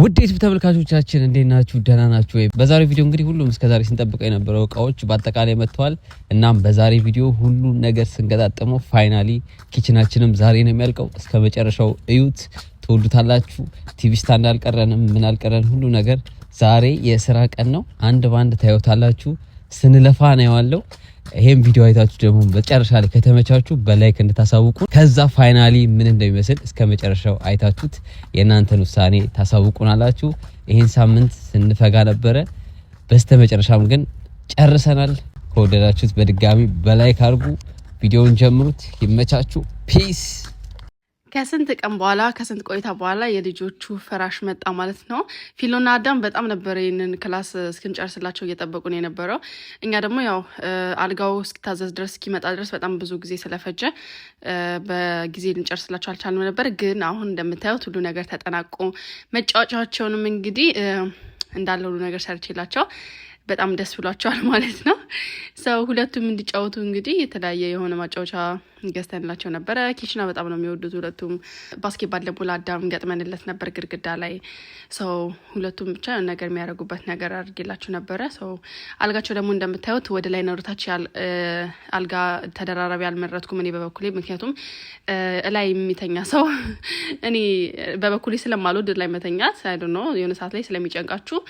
ውዴት ተመልካቾቻችን እንዴት ናችሁ? ደህና ናችሁ ወይ? በዛሬው ቪዲዮ እንግዲህ ሁሉም እስከዛሬ ስንጠብቀው የነበረው እቃዎች በአጠቃላይ መጥተዋል። እናም በዛሬ ቪዲዮ ሁሉን ነገር ስንገጣጠመው ፋይናሊ ኪችናችንም ዛሬ ነው የሚያልቀው። እስከ መጨረሻው እዩት፣ ትወዱታላችሁ። ቲቪ ስታንድ አልቀረንም፣ ምን አልቀረን፣ ሁሉ ነገር ዛሬ የስራ ቀን ነው። አንድ በአንድ ታዩታላችሁ። ስንለፋ ነው ያለው። ይሄን ቪዲዮ አይታችሁ ደግሞ መጨረሻ ላይ ከተመቻችሁ በላይክ እንድታሳውቁ ከዛ ፋይናሊ ምን እንደሚመስል እስከ መጨረሻው አይታችሁት የእናንተን ውሳኔ ታሳውቁናላችሁ። ይሄን ሳምንት ስንፈጋ ነበረ። በስተ መጨረሻም ግን ጨርሰናል። ከወደዳችሁት በድጋሚ በላይክ አድርጉ፣ ቪዲዮውን ጀምሩት። ይመቻችሁ። ፒስ ከስንት ቀን በኋላ ከስንት ቆይታ በኋላ የልጆቹ ፍራሽ መጣ ማለት ነው። ፊሎና አዳም በጣም ነበር ይህንን ክላስ እስክንጨርስላቸው እየጠበቁ ነው የነበረው። እኛ ደግሞ ያው አልጋው እስኪታዘዝ ድረስ እስኪመጣ ድረስ በጣም ብዙ ጊዜ ስለፈጀ በጊዜ ልንጨርስላቸው አልቻልም ነበር። ግን አሁን እንደምታዩት ሁሉ ነገር ተጠናቆ መጫወቻቸውንም እንግዲህ እንዳለ ሁሉ ነገር ሰርቼላቸው በጣም ደስ ብሏቸዋል ማለት ነው። ሰው ሁለቱም እንዲጫወቱ እንግዲህ የተለያየ የሆነ ማጫወቻ ገዝተንላቸው ነበረ። ኪችና በጣም ነው የሚወዱት ሁለቱም። ባስኬትባል ደግሞ ለአዳም ገጥመንለት ነበር ግድግዳ ላይ። ሰው ሁለቱም ብቻ ነገር የሚያደርጉበት ነገር አድርጌላቸው ነበረ። ሰው አልጋቸው ደግሞ እንደምታዩት ወደ ላይ ነሩታች አልጋ ተደራራቢ አልመረጥኩም እኔ በበኩሌ ምክንያቱም እላይ የሚተኛ ሰው እኔ በበኩሌ ስለማልወድ ላይ መተኛት አይዶ ነው የሆነ ሰዓት ላይ ስለሚጨንቃችሁ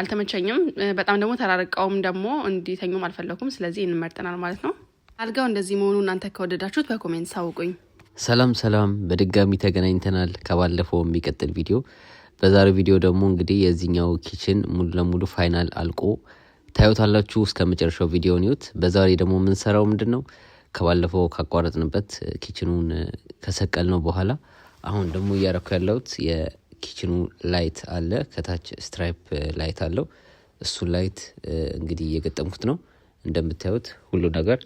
አልተመቸኝም። በጣም ደግሞ ተራርቀውም ደግሞ እንዲተኙም አልፈለኩም። ስለዚህ እንመርጠናል ማለት ነው። አልጋው እንደዚህ መሆኑ እናንተ ከወደዳችሁት በኮሜንት ሳውቁኝ። ሰላም ሰላም፣ በድጋሚ ተገናኝተናል ከባለፈው የሚቀጥል ቪዲዮ። በዛሬው ቪዲዮ ደግሞ እንግዲህ የዚህኛው ኪችን ሙሉ ለሙሉ ፋይናል አልቆ ታዩታላችሁ። እስከ መጨረሻው ቪዲዮ ኒዩት። በዛሬ ደግሞ የምንሰራው ምንድን ነው ከባለፈው ካቋረጥንበት ኪችኑን ከሰቀል ነው በኋላ አሁን ደግሞ እያረኩ ያለሁት ኪችኑ ላይት አለ ከታች ስትራይፕ ላይት አለው። እሱን ላይት እንግዲህ እየገጠምኩት ነው። እንደምታዩት ሁሉ ነገር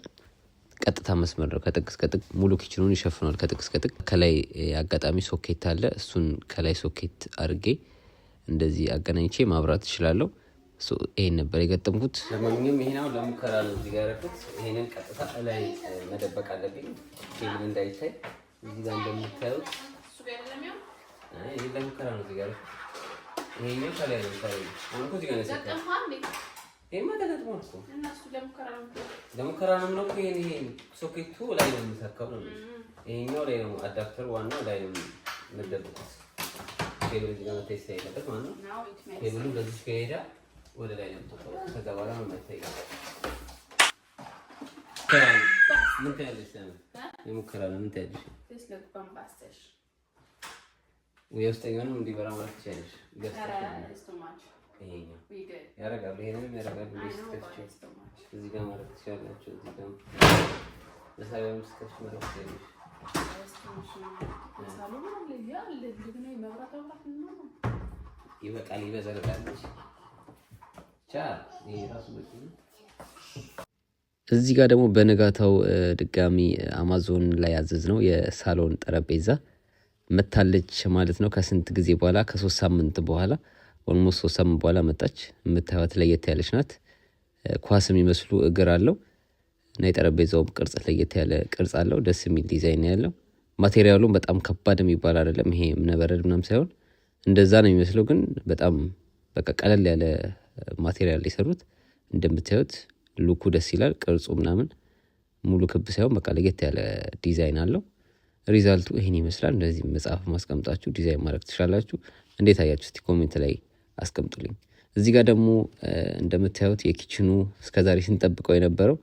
ቀጥታ መስመር ነው። ከጥግ እስከ ሙሉ ኪችኑን ይሸፍኗል። ከጥቅ እስከ ከላይ አጋጣሚ ሶኬት አለ። እሱን ከላይ ሶኬት አድርጌ እንደዚህ አገናኝቼ ማብራት እችላለሁ። ይሄን ነበር የገጠምኩት። ለማንኛውም ይሄ ነው ለሙከራ ነው እዚህ ጋር ያደረኩት። ይሄንን ቀጥታ እላይ መደበቅ አለብኝ እንዳይታይ እዚህ ጋር እንደምታዩት ለሙከራ ነው። እዚህ ጋር ይሄኛው ከላይ ነው። ለሙከራ ነው። ሶኬቱ ላይ ነው የሚሰካው ነው። ይሄኛው ላይ ነው። አዳፕተር ዋናው ላይ ነው የምትደብቁት። ኬብሉ እዚህ ጋር መታየት ሳይለበት ማለት ነው። ኬብሉ በዚህ ከሄደ ወደ ላይ ነው የምትወጣው። ከዛ በኋላ ነው የማይታየው። ምን ታያለሽ? የሙከራ ነው። ምን ታያለሽ? የውስጠኛውንም እንዲበራ ማለት ትችያለሽ። ያረጋሉ፣ ይሄንንም ያረጋሉ። እዚህ ጋር ማለት ትችያላችሁ። እዚህ ጋር ለሳቢያ ምስከች ማለት ትችያለሽ። ይበቃል፣ ይበዘረቃለች። ብቻ ይሄ ራሱ በቂ ነው። እዚህ ጋር ደግሞ በነጋታው ድጋሚ አማዞን ላይ ያዘዝ ነው የሳሎን ጠረጴዛ መታለች ማለት ነው። ከስንት ጊዜ በኋላ ከሶስት ሳምንት በኋላ ኦልሞስት ሶስት ሳምንት በኋላ መጣች። የምታዩት ለየት ያለች ናት። ኳስ የሚመስሉ እግር አለው እና የጠረጴዛውም ቅርጽ ለየት ያለ ቅርጽ አለው። ደስ የሚል ዲዛይን ያለው ማቴሪያሉም በጣም ከባድ የሚባል አይደለም። ይሄ እብነበረድ ምናም ሳይሆን እንደዛ ነው የሚመስለው፣ ግን በጣም በቃ ቀለል ያለ ማቴሪያል የሰሩት እንደምታዩት ሉኩ ደስ ይላል። ቅርጹ ምናምን ሙሉ ክብ ሳይሆን በቃ ለየት ያለ ዲዛይን አለው። ሪዛልቱ ይህን ይመስላል። እንደዚህ መጽሐፍ ማስቀምጣችሁ ዲዛይን ማድረግ ትችላላችሁ። እንዴት አያችሁ? እስቲ ኮሜንት ላይ አስቀምጡልኝ። እዚህ ጋር ደግሞ እንደምታዩት የኪችኑ እስከዛሬ ስንጠብቀው የነበረው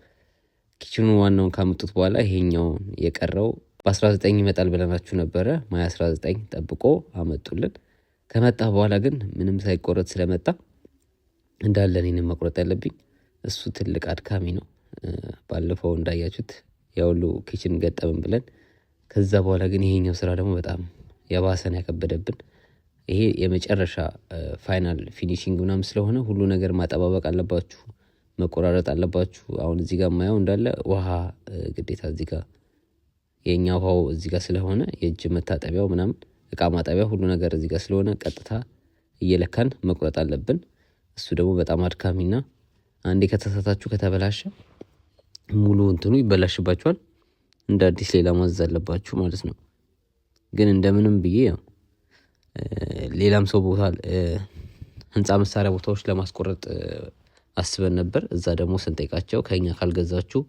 ኪችኑ ዋናውን ካመጡት በኋላ ይሄኛውን የቀረው በ19 ይመጣል ብለናችሁ ነበረ። ማይ 19 ጠብቆ አመጡልን። ከመጣ በኋላ ግን ምንም ሳይቆረጥ ስለመጣ እንዳለን እኔንም መቁረጥ ያለብኝ እሱ ትልቅ አድካሚ ነው። ባለፈው እንዳያችሁት ያሁሉ ኪችን ገጠምን ብለን ከዛ በኋላ ግን ይሄኛው ስራ ደግሞ በጣም የባሰን ያከበደብን። ይሄ የመጨረሻ ፋይናል ፊኒሽንግ ምናምን ስለሆነ ሁሉ ነገር ማጠባበቅ አለባችሁ፣ መቆራረጥ አለባችሁ። አሁን እዚህ ጋር ማየው እንዳለ ውሃ ግዴታ እዚህ ጋር የእኛ ውሃው እዚህ ጋር ስለሆነ የእጅ መታጠቢያው ምናምን እቃ ማጠቢያ ሁሉ ነገር እዚህ ጋር ስለሆነ ቀጥታ እየለካን መቁረጥ አለብን። እሱ ደግሞ በጣም አድካሚና አንዴ ከተሳታችሁ ከተበላሸ ሙሉ እንትኑ ይበላሽባችኋል። እንደ አዲስ ሌላ ማዘዝ አለባችሁ ማለት ነው። ግን እንደምንም ብዬ ያው ሌላም ሰው ቦታ ህንፃ መሳሪያ ቦታዎች ለማስቆረጥ አስበን ነበር። እዛ ደግሞ ስንጠይቃቸው ከኛ ካልገዛችሁ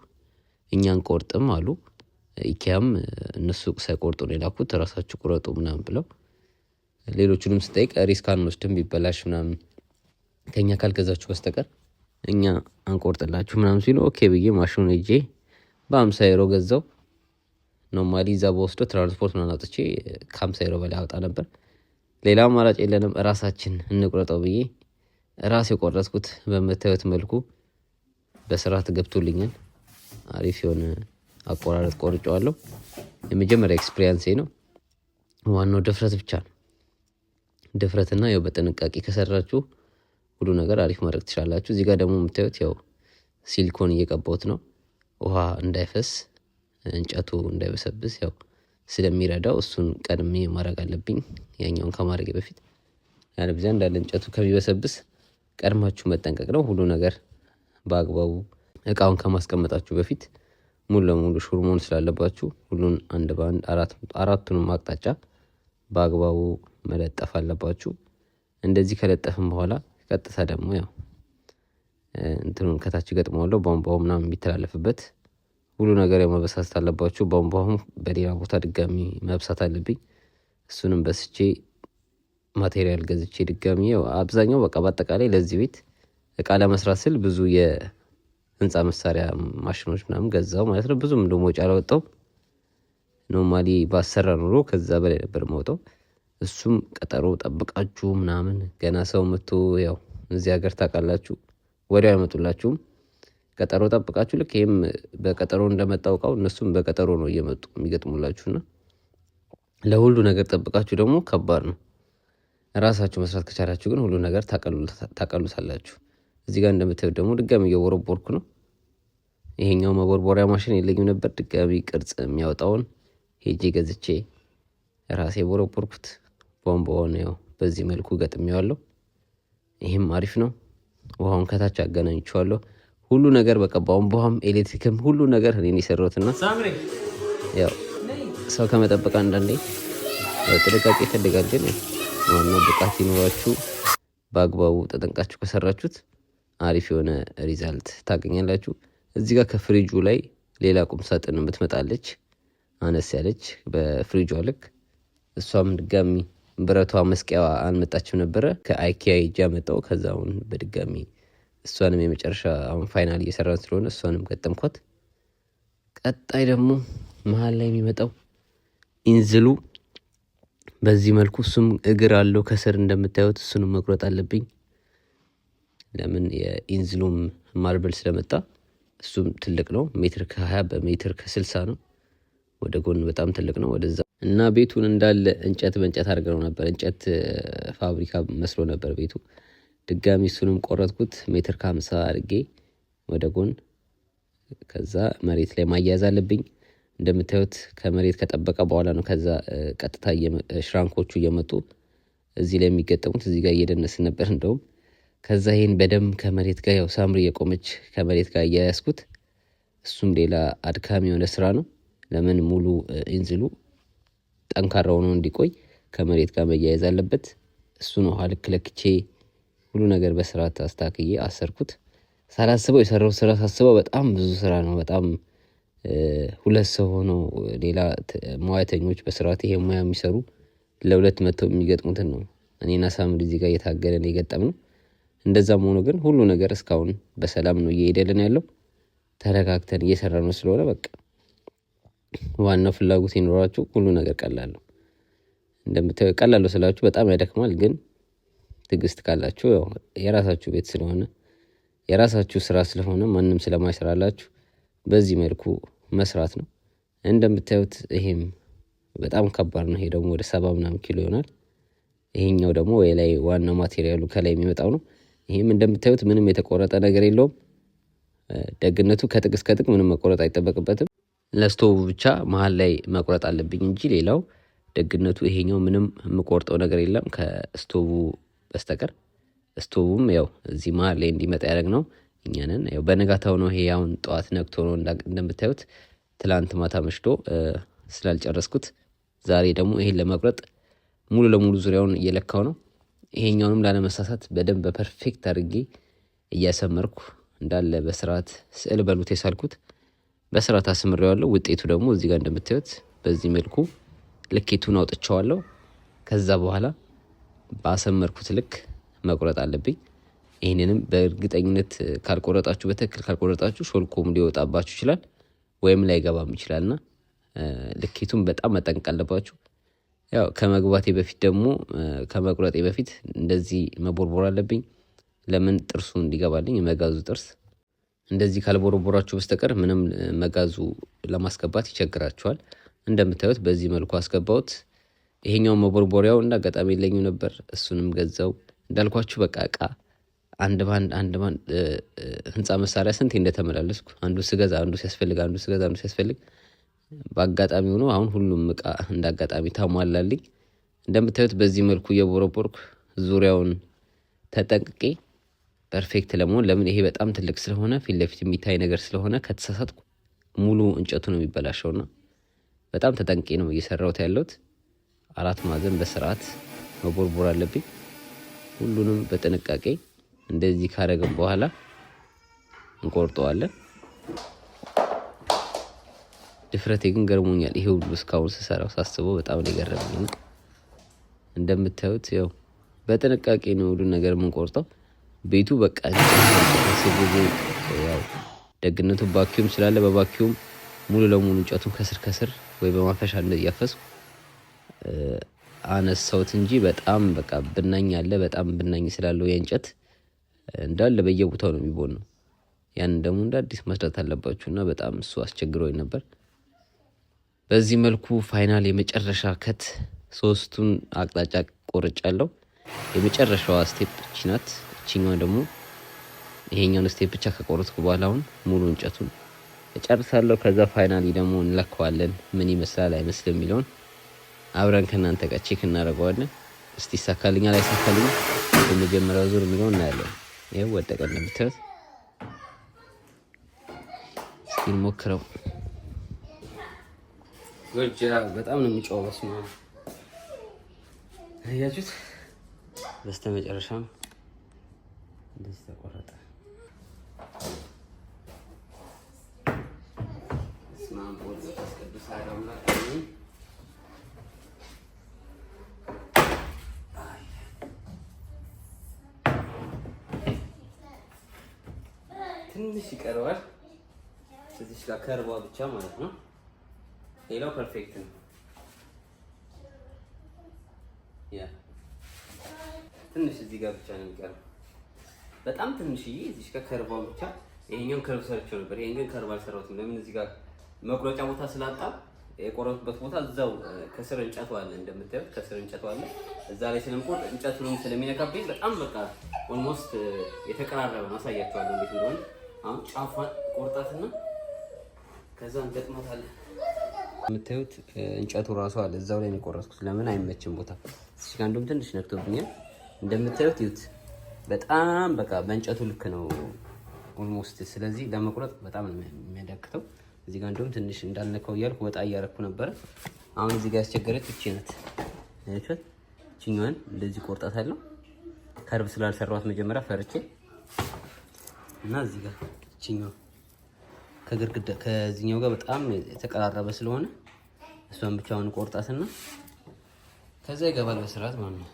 እኛ አንቆርጥም አሉ። ኢኪያም እነሱ ሳይቆርጡ ነው የላኩት፣ ራሳችሁ ቁረጡ ምናምን ብለው ሌሎቹንም ስንጠይቅ ሪስክ አንወስድም ቢበላሽ ምናምን ከኛ ካልገዛችሁ በስተቀር እኛ አንቆርጥላችሁ ምናምን ሲሉ ኦኬ ብዬ ማሽኑን እጄ በአምሳ ዩሮ ገዛው። ኖርማሊ እዛ በወስዶ ትራንስፖርት ምናምን አውጥቼ ከሀምሳ ዩሮ በላይ አውጣ ነበር። ሌላ አማራጭ የለንም እራሳችን እንቁረጠው ብዬ ራስ የቆረጥኩት በምታዩት መልኩ በስርዓት ገብቶልኛል። አሪፍ የሆነ አቆራረጥ ቆርጨዋለሁ። የመጀመሪያ ኤክስፒሪያንሴ ነው። ዋናው ድፍረት ብቻ ነው። ድፍረትና ያው በጥንቃቄ ከሰራችሁ ሁሉ ነገር አሪፍ ማድረግ ትችላላችሁ። እዚህ ጋር ደግሞ የምታዩት ያው ሲሊኮን እየቀባሁት ነው ውሃ እንዳይፈስ እንጨቱ እንዳይበሰብስ ያው ስለሚረዳው እሱን ቀድሜ ማድረግ አለብኝ ያኛውን ከማድረግ በፊት ያለብዚያ እንዳለ እንጨቱ ከሚበሰብስ ቀድማችሁ መጠንቀቅ ነው። ሁሉ ነገር በአግባቡ እቃውን ከማስቀመጣችሁ በፊት ሙሉ ለሙሉ ሹር መሆን ስላለባችሁ ሁሉን አንድ በአንድ አራቱንም አቅጣጫ በአግባቡ መለጠፍ አለባችሁ። እንደዚህ ከለጠፍም በኋላ ቀጥታ ደግሞ ያው እንትኑን ከታች ገጥመዋለሁ ቧንቧው ምናምን የሚተላለፍበት ሁሉ ነገር መበሳት አለባችሁ። ቧንቧውም በሌላ ቦታ ድጋሚ መብሳት አለብኝ። እሱንም በስቼ ማቴሪያል ገዝቼ ድጋሚ አብዛኛው በቃ በአጠቃላይ ለዚህ ቤት እቃ ለመስራት ስል ብዙ የህንፃ መሳሪያ ማሽኖች ምናምን ገዛው ማለት ነው። ብዙም ደሞ ወጪ አላወጣው። ኖርማሊ ባሰራ ኑሮ ከዛ በላይ ነበር መውጣው። እሱም ቀጠሮ ጠብቃችሁ ምናምን ገና ሰው መቶ ያው እዚህ ሀገር ታውቃላችሁ ወዲያው አይመጡላችሁም። ቀጠሮ ጠብቃችሁ ልክ ይህም በቀጠሮ እንደመጣውቀው እነሱም በቀጠሮ ነው እየመጡ የሚገጥሙላችሁና ለሁሉ ነገር ጠብቃችሁ ደግሞ ከባድ ነው። ራሳችሁ መስራት ከቻላችሁ ግን ሁሉ ነገር ታቀሉታላችሁ። እዚህ ጋር እንደምታዩት ደግሞ ድጋሚ እየቦረቦርኩ ነው። ይሄኛው መቦርቦሪያ ማሽን የለኝም ነበር። ድጋሚ ቅርጽ የሚያወጣውን ሄጄ ገዝቼ ራሴ ቦረቦርኩት። ቧንቧውን ው በዚህ መልኩ ገጥሜዋለሁ። ይህም አሪፍ ነው። ውሃውን ከታች አገናኝቸዋለሁ። ሁሉ ነገር በቃ ቧንቧም ኤሌክትሪክም ሁሉ ነገር እኔን የሰራሁትና ያው ሰው ከመጠበቅ አንዳንዴ ጥንቃቄ ይፈልጋል። ግን ዋናው ብቃት ይኖራችሁ በአግባቡ ተጠንቃችሁ ከሰራችሁት አሪፍ የሆነ ሪዛልት ታገኛላችሁ። እዚህ ጋር ከፍሪጁ ላይ ሌላ ቁም ሳጥን የምትመጣለች አነስ ያለች በፍሪጇ ልክ እሷም ድጋሚ ብረቷ መስቂያዋ አልመጣችም ነበረ። ከአይኪያ ሄጄ መጣሁ። ከዛውን በድጋሚ እሷንም የመጨረሻ አሁን ፋይናል እየሰራን ስለሆነ እሷንም ገጠምኳት። ቀጣይ ደግሞ መሀል ላይ የሚመጣው ኢንዝሉ በዚህ መልኩ እሱም እግር አለው ከስር እንደምታዩት እሱንም መቁረጥ አለብኝ። ለምን የኢንዝሉም ማርበል ስለመጣ እሱም ትልቅ ነው። ሜትር ከሀያ በሜትር ከስልሳ ነው። ወደ ጎን በጣም ትልቅ ነው ወደዛ እና ቤቱን እንዳለ እንጨት በእንጨት አድርገው ነበር። እንጨት ፋብሪካ መስሎ ነበር ቤቱ። ድጋሚ እሱንም ቆረጥኩት ሜትር ከሀምሳ አድርጌ ወደ ጎን ከዛ መሬት ላይ ማያያዝ አለብኝ። እንደምታዩት ከመሬት ከጠበቀ በኋላ ነው ከዛ ቀጥታ ሽራንኮቹ እየመጡ እዚህ ላይ የሚገጠሙት እዚህ ጋር እየደነስን ነበር እንደውም ከዛ ይህን በደንብ ከመሬት ጋር ያው ሳምሪ የቆመች ከመሬት ጋር እያያዝኩት እሱም ሌላ አድካሚ የሆነ ስራ ነው። ለምን ሙሉ ኢንዝሉ ጠንካራ ሆኖ እንዲቆይ ከመሬት ጋር መያያዝ አለበት። እሱ ነው ልክ ለክቼ ሁሉ ነገር በስርዓት አስታክዬ አሰርኩት። ሳላስበው የሰራው ስራ ሳስበው በጣም ብዙ ስራ ነው። በጣም ሁለት ሰው ሆኖ ሌላ ሙያተኞች በስርዓት ይሄ ሙያ የሚሰሩ ለሁለት መጥተው የሚገጥሙትን ነው እኔና ሳምሪ እዚህ ጋር ነው የገጠም ነው። እንደዛም ሆኖ ግን ሁሉ ነገር እስካሁን በሰላም ነው እየሄደልን ያለው ተረጋግተን እየሰራ ነው ስለሆነ በቃ ዋናው ፍላጎት ይኖራችሁ ሁሉ ነገር ቀላል ነው። እንደምታየው ቀላል ስላችሁ በጣም ያደክማል ግን ትግስት ካላችሁ ያው የራሳችሁ ቤት ስለሆነ የራሳችሁ ስራ ስለሆነ ማንም ስለማይሰራላችሁ በዚህ መልኩ መስራት ነው። እንደምታዩት ይሄም በጣም ከባድ ነው። ይሄ ደግሞ ወደ ሰባ ምናምን ኪሎ ይሆናል። ይሄኛው ደግሞ የላይ ዋናው ማቴሪያሉ ከላይ የሚመጣው ነው። ይህም እንደምታዩት ምንም የተቆረጠ ነገር የለውም። ደግነቱ ከጥቅስ እስከ ምንም መቆረጥ አይጠበቅበትም። ለስቶቡ ብቻ መሀል ላይ መቁረጥ አለብኝ እንጂ ሌላው ደግነቱ ይሄኛው ምንም የምቆርጠው ነገር የለም ከስቶቭ በስተቀር ስቶቡም ያው እዚህ መሀል ላይ እንዲመጣ ነው። እኛንን ያው በነጋታው ነው። ይሄ አሁን ጠዋት ነግቶ ነው እንደምታዩት። ትላንት ማታ መሽቶ ስላልጨረስኩት ዛሬ ደግሞ ይሄን ለመቁረጥ ሙሉ ለሙሉ ዙሪያውን እየለካው ነው። ይሄኛውንም ላለመሳሳት በደንብ በፐርፌክት አድርጌ እያሰመርኩ እንዳለ በስርዓት ስዕል በሉት የሳልኩት በስርዓት አስምሬዋለሁ። ውጤቱ ደግሞ እዚህ ጋር እንደምታዩት በዚህ መልኩ ልኬቱን አውጥቼዋለሁ። ከዛ በኋላ ባሰመርኩት ልክ መቁረጥ አለብኝ። ይህንንም በእርግጠኝነት ካልቆረጣችሁ በትክክል ካልቆረጣችሁ ሾልኮም ሊወጣባችሁ ይችላል፣ ወይም ላይገባም ይችላልና ልኬቱን በጣም መጠንቅ አለባችሁ። ያው ከመግባቴ በፊት ደግሞ ከመቁረጤ በፊት እንደዚህ መቦርቦር አለብኝ። ለምን ጥርሱ እንዲገባልኝ የመጋዙ ጥርስ እንደዚህ ካልቦረቦራችሁ በስተቀር ምንም መጋዙ ለማስገባት ይቸግራችኋል። እንደምታዩት በዚህ መልኩ አስገባሁት። ይሄኛው መቦርቦሪያው እንደ አጋጣሚ የለኝም ነበር። እሱንም ገዛው እንዳልኳችሁ በቃ እቃ አንድ ባንድ አንድ ባንድ ህንፃ መሳሪያ ስንት እንደተመላለስኩ አንዱ ስገዛ አንዱ ሲያስፈልግ አንዱ ስገዛ አንዱ ሲያስፈልግ በአጋጣሚ ሆኖ አሁን ሁሉም እቃ እንደ አጋጣሚ ታሟላልኝ። እንደምታዩት በዚህ መልኩ እየቦረቦርኩ ዙሪያውን ተጠንቅቄ ፐርፌክት ለመሆን ለምን ይሄ በጣም ትልቅ ስለሆነ ፊት ለፊት የሚታይ ነገር ስለሆነ ከተሳሳትኩ ሙሉ እንጨቱ ነው የሚበላሸውና በጣም ተጠንቄ ነው እየሰራሁት ያለሁት። አራት ማዕዘን በስርዓት መቦርቦር አለብኝ። ሁሉንም በጥንቃቄ እንደዚህ ካደረግን በኋላ እንቆርጠዋለን። ድፍረቴ ግን ገርሞኛል። ይሄ ሁሉ እስካሁን ስሰራው ሳስበው በጣም ነው የገረመኝ። እንደምታዩት ያው በጥንቃቄ ነው ሁሉን ነገር የምንቆርጠው። ቤቱ በቃ ያው ደግነቱ ቫኪዩም ስላለ በቫኪዩም ሙሉ ለሙሉ እንጨቱን ከስር ከስር ወይ በማፈሻ እያፈስኩ አነሳውት እንጂ በጣም በቃ ብናኝ አለ። በጣም ብናኝ ስላለው የእንጨት እንዳለ በየቦታው ነው የሚቦን ነው። ያን ደግሞ እንደ አዲስ መስራት አለባችሁ እና በጣም እሱ አስቸግሮኝ ነበር። በዚህ መልኩ ፋይናል የመጨረሻ ከት ሶስቱን አቅጣጫ ቆርጫለሁ። የመጨረሻዋ ስቴፕ እቺ ናት። ደግሞ ይሄኛውን ስቴፕ ብቻ ከቆረጥኩ በኋላ አሁን ሙሉ እንጨቱን እጨርሳለሁ። ከዛ ፋይናሊ ደግሞ እንለከዋለን ምን ይመስላል አይመስልም የሚለውን አብረን ከእናንተ ጋር ቼክ እናደርገዋለን። እስቲ ይሳካልኛል አይሳካልኛል የመጀመሪያው ዙር የሚለው እናያለን። ይኸው ወደቀ እንደምታዩት። እስቲ እንሞክረው። በጣም ነው የሚጫወበስ ያችሁት። በስተ መጨረሻም እንደዚህ ተቆረጠ። ስመ አብ ወወልድ ወመንፈስ ትንሽ ይቀረዋል። እዚህ ጋር ከርቧ ብቻ ማለት ነው። ሌላው ፐርፌክት ነው። ያ ትንሽ እዚህ ጋር ብቻ ነው የሚቀረው፣ በጣም ትንሽዬ እዚህ ጋር ከርቧ ብቻ። ይሄኛው ከርብ ሰርቼው ነበር፣ ይሄን ግን ከርብ አልሰራሁትም። ለምን እዚህ ጋር መቁረጫ ቦታ ስላጣ የቆረጡበት ቦታ እዛው ከስር እንጨቱ አለ፣ እንደምታዩት ከስር እንጨቱ አለ። እዛ ላይ ስለምቆርጥ እንጨቱንም ስለሚነካብኝ በጣም በቃ ኦልሞስት የተቀራረበ ነው። አሳያቸዋለሁ እንዴት እንደሆነ አሁን ጫፏን ቆርጣትና ከዛን ገጥማታለን። የምታዩት እንጨቱ ራሱ አለ እዛው ላይ ነው የቆረጥኩት። ለምን አይመችም ቦታ እዚህ ጋር እንደውም ትንሽ ነክቶብኛል። እንደምታዩት ይዩት፣ በጣም በቃ በእንጨቱ ልክ ነው ኦልሞስት። ስለዚህ ለመቁረጥ በጣም ነው የሚያዳክተው። እዚህ ጋር እንደውም ትንሽ እንዳልነካው እያልኩ ወጣ እያረኩ ነበረ። አሁን እዚህ ጋር ያስቸገረች እቺ ናት። እቺኛዋን እንደዚህ ቆርጣታለሁ። ከርብ ስላልሰራኋት መጀመሪያ ፈርቼ እና እዚህ ጋር እችኛው ከግርግዳ ከዚህኛው ጋር በጣም የተቀራረበ ስለሆነ እሷን ብቻውን ቆርጣትና ከዛ ይገባል በስርዓት ማለት ነው።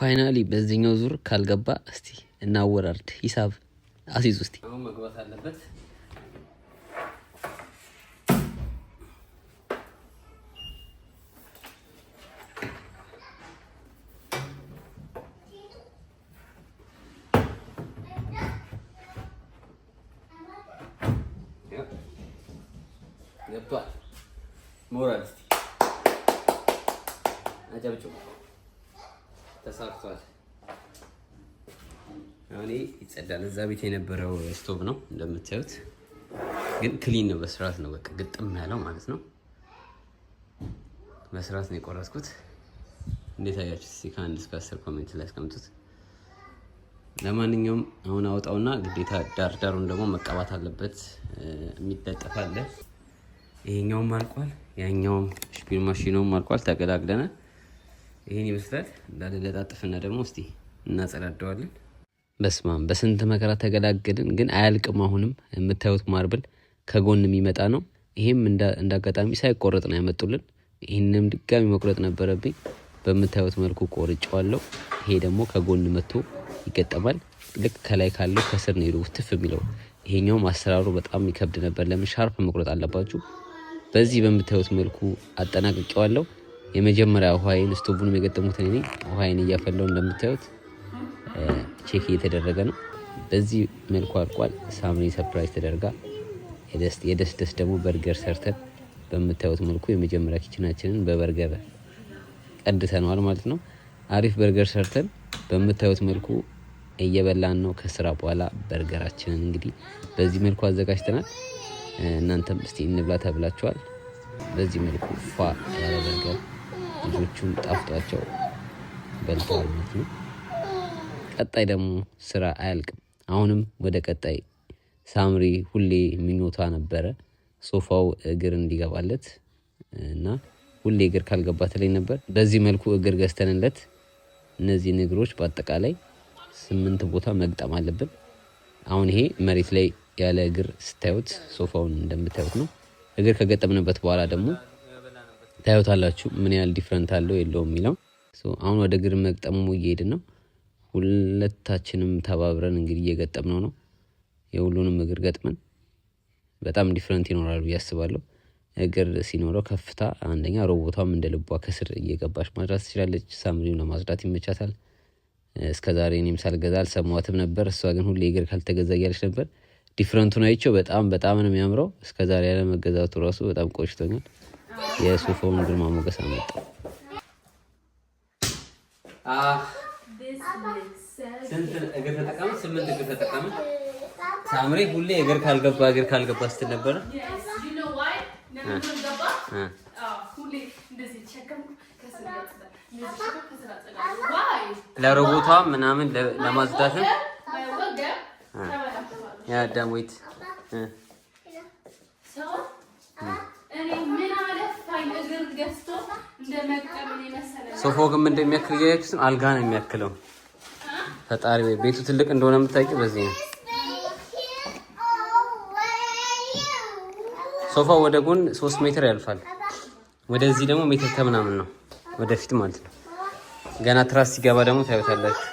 ፋይናሊ በዚህኛው ዙር ካልገባ እስቲ እናወራርድ ሂሳብ አስይዙ እስቲ መግባት አለበት። ገብቷል። ሞራል እስኪ አጨብጭቡ። ተሳክቷል። አሁን ይጸዳል። እዛ ቤት የነበረው ስቶቭ ነው እንደምታዩት፣ ግን ክሊን ነው። በስርዓት ነው በቃ ግጥም ያለው ማለት ነው። በስርዓት ነው የቆረጥኩት። እንዴት አያችሁት? እስኪ ከአንድ እስከ አስር ኮሜንት ላይ አስቀምጡት። ለማንኛውም አሁን አውጣውና ግዴታ ዳርዳሩን ደግሞ መቀባት አለበት። የሚጠቀፋለ ይሄኛውም አልቋል። ያኛውም ሽፒል ማሽኑም አልቋል። ተገላግለናል። ይሄን ይመስላል። እንዳልለጣጥፍና ደግሞ እስቲ እናጸዳደዋለን። በስማም በስንት መከራ ተገላገልን፣ ግን አያልቅም። አሁንም የምታዩት ማርብል ከጎን የሚመጣ ነው። ይሄም እንዳጋጣሚ ሳይቆረጥ ነው ያመጡልን። ይህንም ድጋሚ መቁረጥ ነበረብኝ። በምታዩት መልኩ ቆርጬዋለሁ። ይሄ ደግሞ ከጎን መጥቶ ይገጠማል። ልክ ከላይ ካለው ከስር ነው ሄዶ ትፍ የሚለው። ይሄኛውም አሰራሩ በጣም ይከብድ ነበር። ለምን ሻርፕ መቁረጥ አለባችሁ። በዚህ በምታዩት መልኩ አጠናቅቄዋለሁ። የመጀመሪያ ውሃይን ስቶቡን የገጠሙት እኔ ውሃይን እያፈላው እንደምታዩት ቼክ እየተደረገ ነው። በዚህ መልኩ አልቋል። ሳምሪ ሰርፕራይዝ ተደርጋ የደስደስ ደግሞ በርገር ሰርተን በምታዩት መልኩ የመጀመሪያ ኪችናችንን በበርገር ቀድተነዋል ማለት ነው። አሪፍ በርገር ሰርተን በምታዩት መልኩ እየበላን ነው። ከስራ በኋላ በርገራችንን እንግዲህ በዚህ መልኩ አዘጋጅተናል። እናንተም እስቲ እንብላ ተብላችኋል። በዚህ መልኩ ፋ ያለ ነገር ልጆቹም ጣፍጧቸው በልተዋል ማለት ነው። ቀጣይ ደግሞ ስራ አያልቅም። አሁንም ወደ ቀጣይ ሳምሪ ሁሌ ምኞቷ ነበረ ሶፋው እግር እንዲገባለት እና ሁሌ እግር ካልገባ ላይ ነበር። በዚህ መልኩ እግር ገዝተንለት እነዚህን እግሮች በአጠቃላይ ስምንት ቦታ መግጠም አለብን። አሁን ይሄ መሬት ላይ ያለ እግር ስታዩት ሶፋውን እንደምታዩት ነው። እግር ከገጠምንበት በኋላ ደግሞ ታዩታላችሁ ምን ያህል ዲፍረንት አለው የለውም የሚለው። አሁን ወደ እግር መግጠሙ እየሄድን ነው። ሁለታችንም ተባብረን እንግዲህ እየገጠምነው ነው። የሁሉንም እግር ገጥመን በጣም ዲፍረንት ይኖራል ብዬ አስባለሁ። እግር ሲኖረው ከፍታ አንደኛ ሮቦቷም እንደ ልቧ ከስር እየገባች ማጽዳት ትችላለች። ሳምሪም ለማጽዳት ይመቻታል። እስከዛሬ እኔም ሳልገዛ አልሰማዋትም ነበር። እሷ ግን ሁሌ እግር ካልተገዛ እያለች ነበር። ዲፍረንቱ ናይቸው በጣም በጣም ነው የሚያምረው። እስከዛሬ ያለ መገዛቱ ራሱ በጣም ቆጭቶኛል። የሱፎም ግርማ ሞገስ አመጣ። ስንት እግር ተጠቀመ? ስምንት እግር ተጠቀመ። ሳምሬ ሁሌ እግር ካልገባ እግር ካልገባ ስትል ነበረ። ለሮቦቷ ምናምን ለማጽዳትም የአዳሞይት ሰው እኔ እንደሚያክል እያያችሁት አልጋ ነው የሚያክለው። ፈጣሪ ቤቱ ትልቅ እንደሆነ የምታውቂው በዚህ ነው። ሶፋው ወደ ጎን ሶስት ሜትር ያልፋል። ወደዚህ ደግሞ ሜትር ከምናምን ነው ወደፊት ማለት ነው። ገና ትራስ ሲገባ ደግሞ ታዩታላችሁ።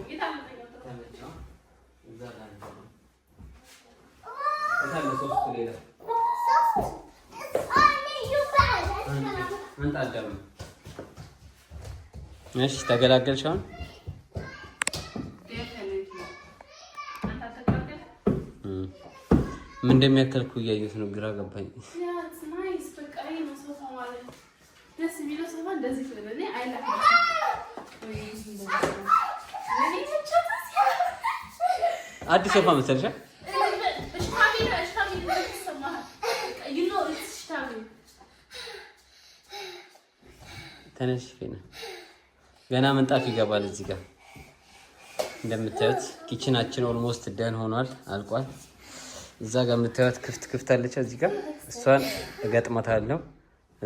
እሺ ተገላገልሽ። አሁን ምን እንደሚያከልኩ እያየሁት ነው፣ ግራ ገባኝ። አዲስ ሶፋ መሰለሽ? ተነሽ ገና ምንጣፍ ይገባል እዚህ ጋር እንደምታዩት ኪችናችን ኦልሞስት ደን ሆኗል፣ አልቋል። እዛ ጋር የምታዩት ክፍት ክፍት አለች፣ እዚህ ጋር እሷን እገጥማታለሁ።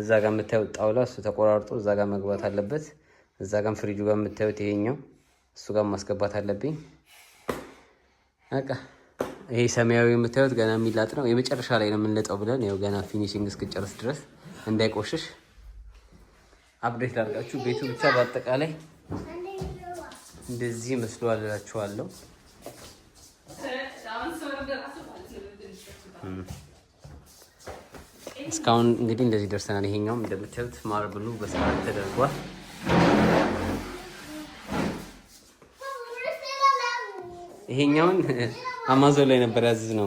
እዛ ጋር የምታዩት ጣውላ እሱ ተቆራርጦ እዛ ጋር መግባት አለበት። እዛ ጋር ፍሪጁ ጋር የምታዩት ይሄኛው እሱ ጋር ማስገባት አለብኝ። በቃ ይሄ ሰማያዊ የምታዩት ገና የሚላጥ ነው። የመጨረሻ ላይ ነው የምንለጠው ብለን ያው ገና ፊኒሽንግ እስክጨርስ ድረስ እንዳይቆሽሽ አፕዴት ላድርጋችሁ። ቤቱ ብቻ በአጠቃላይ እንደዚህ መስሎ አላችኋለሁ። እስካሁን እንግዲህ እንደዚህ ደርሰናል። ይሄኛውም እንደምታዩት ማርብሉ በስርዓት ተደርጓል። ይሄኛውን አማዞን ላይ ነበር ያዝዝ ነው።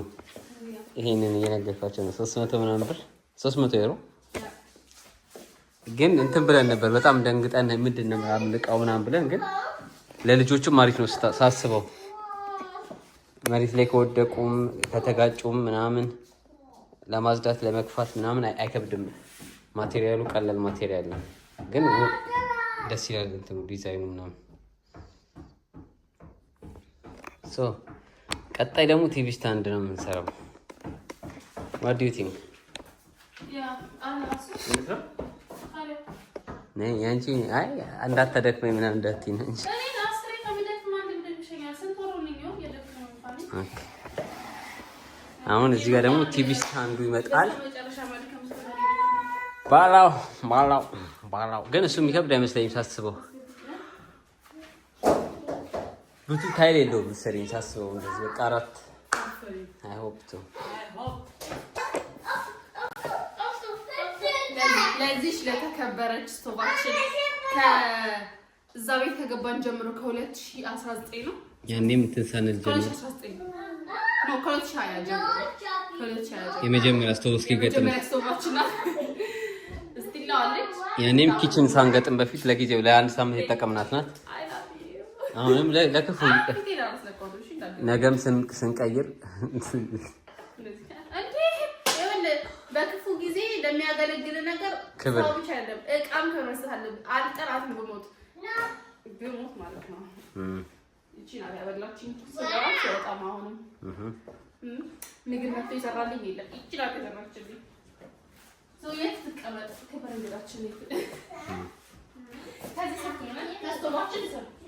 ይሄንን እየነገርኳቸው ነው። ሶስት መቶ ምናምን ብር ሶስት መቶ ዩሮ ግን እንትን ብለን ነበር በጣም ደንግጠን ምንድን ነው ምናምን ምናምን ብለን ግን ለልጆቹም አሪፍ ነው ሳስበው መሬት ላይ ከወደቁም ከተጋጩም ምናምን ለማጽዳት ለመግፋት ምናምን አይከብድም። ማቴሪያሉ ቀላል ማቴሪያል ነው፣ ግን ደስ ይላል እንትኑ ዲዛይኑ ምናምን ቀጣይ ደግሞ ቲቪ ስታንድ ነው የምንሰራው። ዋት ዩ ቲንክ? ያንቺ አይ እንዳታደክመኝ ምናምን እንዳትዪ ነው እንጂ አሁን እዚህ ጋር ደግሞ ቲቪ ስታንዱ ይመጣል። ባላው ባላው ባላው ግን እሱ የሚከብድ አይመስለኝም ሳስበው ብዙ ታይል የለውም መሰለኝ ሳስበው፣ እንደዚህ በቃ አራት አይ ሆፕ ቱ ለዚህ ለተከበረች ስቶባችን እዛ ቤት ከገባን ጀምሮ ከ2019 ነው ያኔም የምትንሳነል ጀምሮ የመጀመሪያ ስቶቭ እስኪገጥም ያኔም ኪችን ሳንገጥም በፊት ለጊዜው ለአንድ ሳምንት የጠቀምናት ናት። አሁንም ለክፉ ነገም ስንቀይር በክፉ ጊዜ ለሚያገለግል ነገር ክብር ብቻ አይደለም፣ እቃም ከመስጠት አልጠራትም ብሞት ብሞት ማለት ነው። ይቺን ያበላችኝ አሁንም ምግብ መቶ ይሰራልኝ የለም። ይቺን ያሰራችልኝ ሰው የት ክብር እንግዳችን ከዚህ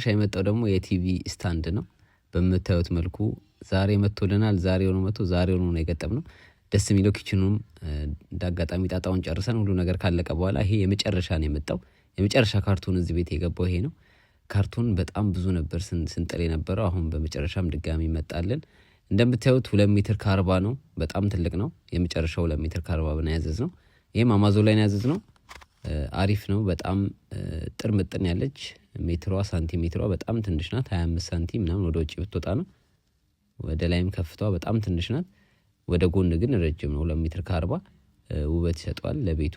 መጨረሻ የመጣው ደግሞ የቲቪ ስታንድ ነው። በምታዩት መልኩ ዛሬ መቶልናል። ዛሬ ሆኖ መቶ ዛሬ ሆኖ ነው የገጠም ነው። ደስ የሚለው ኪችኑም እንዳጋጣሚ አጋጣሚ ጣጣውን ጨርሰን ሁሉ ነገር ካለቀ በኋላ ይሄ የመጨረሻ ነው የመጣው። የመጨረሻ ካርቱን እዚህ ቤት የገባው ይሄ ነው። ካርቱን በጣም ብዙ ነበር ስንጥል የነበረው። አሁን በመጨረሻም ድጋሚ ይመጣልን። እንደምታዩት ሁለት ሜትር ከአርባ ነው። በጣም ትልቅ ነው። የመጨረሻው ሁለት ሜትር ከአርባ ብን ያዘዝ ነው። ይህም አማዞን ላይ ያዘዝ ነው። አሪፍ ነው። በጣም ጥርምጥን ያለች ሜትሯ ሳንቲሜትሯ በጣም ትንሽ ናት። 25 ሳንቲም ምናምን ወደ ውጭ ብትወጣ ነው። ወደ ላይም ከፍቷ በጣም ትንሽ ናት። ወደ ጎን ግን ረጅም ነው። ሁለት ሜትር ከአርባ ውበት ይሰጠዋል ለቤቱ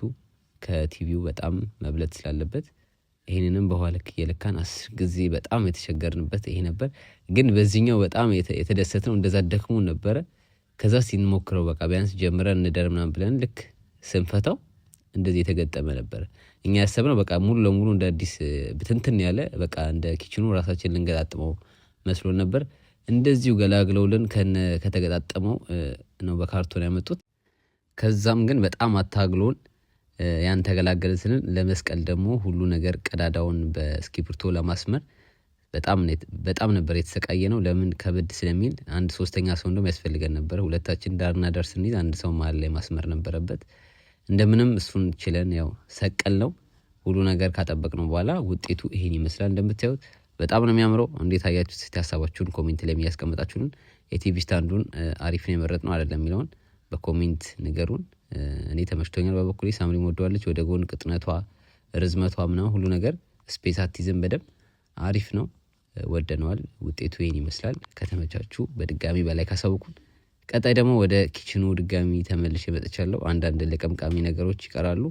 ከቲቪው በጣም መብለጥ ስላለበት ይህንንም በኋላ እየለካን አስር ጊዜ በጣም የተቸገርንበት ይሄ ነበር። ግን በዚህኛው በጣም የተደሰት ነው። እንደዛ ደክሞ ነበረ። ከዛ ሲንሞክረው በቃ ቢያንስ ጀምረን እንደር ምናምን ብለን ልክ ስንፈታው እንደዚህ የተገጠመ ነበር። እኛ ያሰብነው በቃ ሙሉ ለሙሉ እንደ አዲስ ብትንትን ያለ በቃ እንደ ኪችኑ ራሳችን ልንገጣጥመው መስሎን ነበር። እንደዚሁ ገላግለውልን ከተገጣጠመው ነው በካርቶን ያመጡት። ከዛም ግን በጣም አታግሎን ያን ተገላገለ ስንል ለመስቀል ደግሞ ሁሉ ነገር ቀዳዳውን በእስክሪብቶ ለማስመር በጣም ነበር የተሰቃየ ነው። ለምን ከብድ ስለሚል አንድ ሶስተኛ ሰው እንደውም ያስፈልገን ነበር። ሁለታችን ዳርና ዳር ስንይዝ አንድ ሰው መሀል ላይ ማስመር ነበረበት። እንደምንም እሱን ችለን ያው ሰቀል ነው ሁሉ ነገር ካጠበቅ ነው በኋላ ውጤቱ ይሄን ይመስላል። እንደምታዩት በጣም ነው የሚያምረው። እንዴት አያችሁ? እስቲ ሀሳባችሁን ኮሜንት ላይ የሚያስቀምጣችሁን የቲቪ ስታንዱን አሪፍ ነው የመረጥ ነው አይደለም የሚለውን በኮሜንት ንገሩን። እኔ ተመችቶኛል በበኩሌ። ሳምሪ ወደዋለች። ወደ ጎን ቅጥነቷ፣ ርዝመቷ ምናምን ሁሉ ነገር ስፔስ አትይዝም። በደንብ አሪፍ ነው። ወደነዋል። ውጤቱ ይህን ይመስላል። ከተመቻችሁ በድጋሚ በላይ ካሳውቁን ቀጣይ ደግሞ ወደ ኪችኑ ድጋሚ ተመልሼ መጥቻለሁ። አንዳንድ ለቀምቃሚ ነገሮች ይቀራሉ።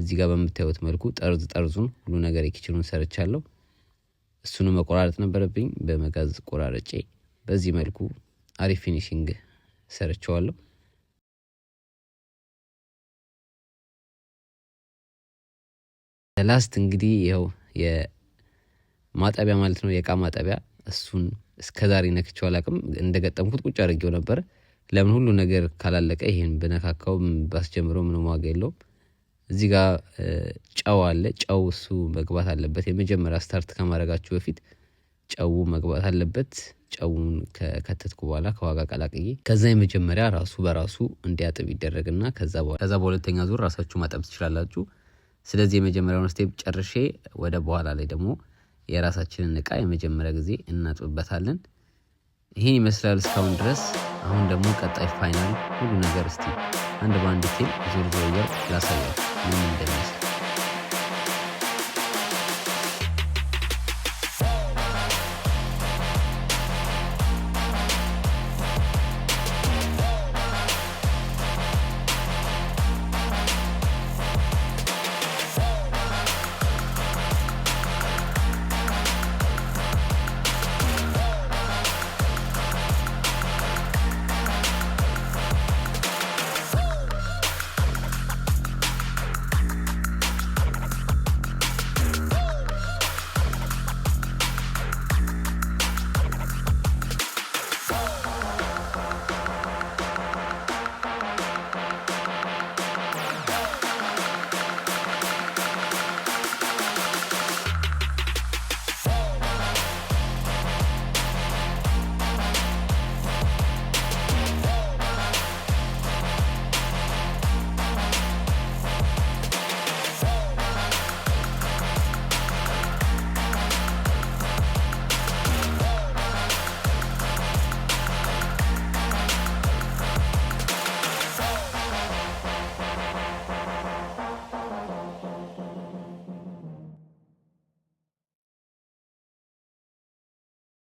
እዚህ ጋር በምታዩት መልኩ ጠርዝ ጠርዙን ሁሉ ነገር የኪችኑን ሰርቻለሁ። እሱን መቆራረጥ ነበረብኝ። በመጋዝ ቆራረጬ በዚህ መልኩ አሪፍ ፊኒሽንግ ሰርቸዋለሁ። ላስት እንግዲህ ይኸው የማጠቢያ ማለት ነው የእቃ ማጠቢያ እሱን እስከዛሬ ነክቼው አላቅም። እንደገጠምኩት ቁጭ አድርጌው ነበረ። ለምን ሁሉ ነገር ካላለቀ ይሄን ብነካካው ባስጀምሮ ምንም ዋጋ የለውም። እዚህ ጋር ጨው አለ። ጨው እሱ መግባት አለበት። የመጀመሪያ ስታርት ከማድረጋችሁ በፊት ጨው መግባት አለበት። ጨውን ከከተትኩ በኋላ ከዋጋ ቀላቅዬ ከዛ የመጀመሪያ ራሱ በራሱ እንዲያጥብ ይደረግና ከዛ በሁለተኛ ዙር ራሳችሁ ማጠብ ትችላላችሁ። ስለዚህ የመጀመሪያውን ስቴፕ ጨርሼ ወደ በኋላ ላይ ደግሞ የራሳችንን እቃ የመጀመሪያ ጊዜ እናጥብበታለን። ይህን ይመስላል እስካሁን ድረስ። አሁን ደግሞ ቀጣይ ፋይናል ሁሉ ነገር እስቲ አንድ በአንድ ቴል ዞር ዞር ላሳያል ምን እንደሚመስል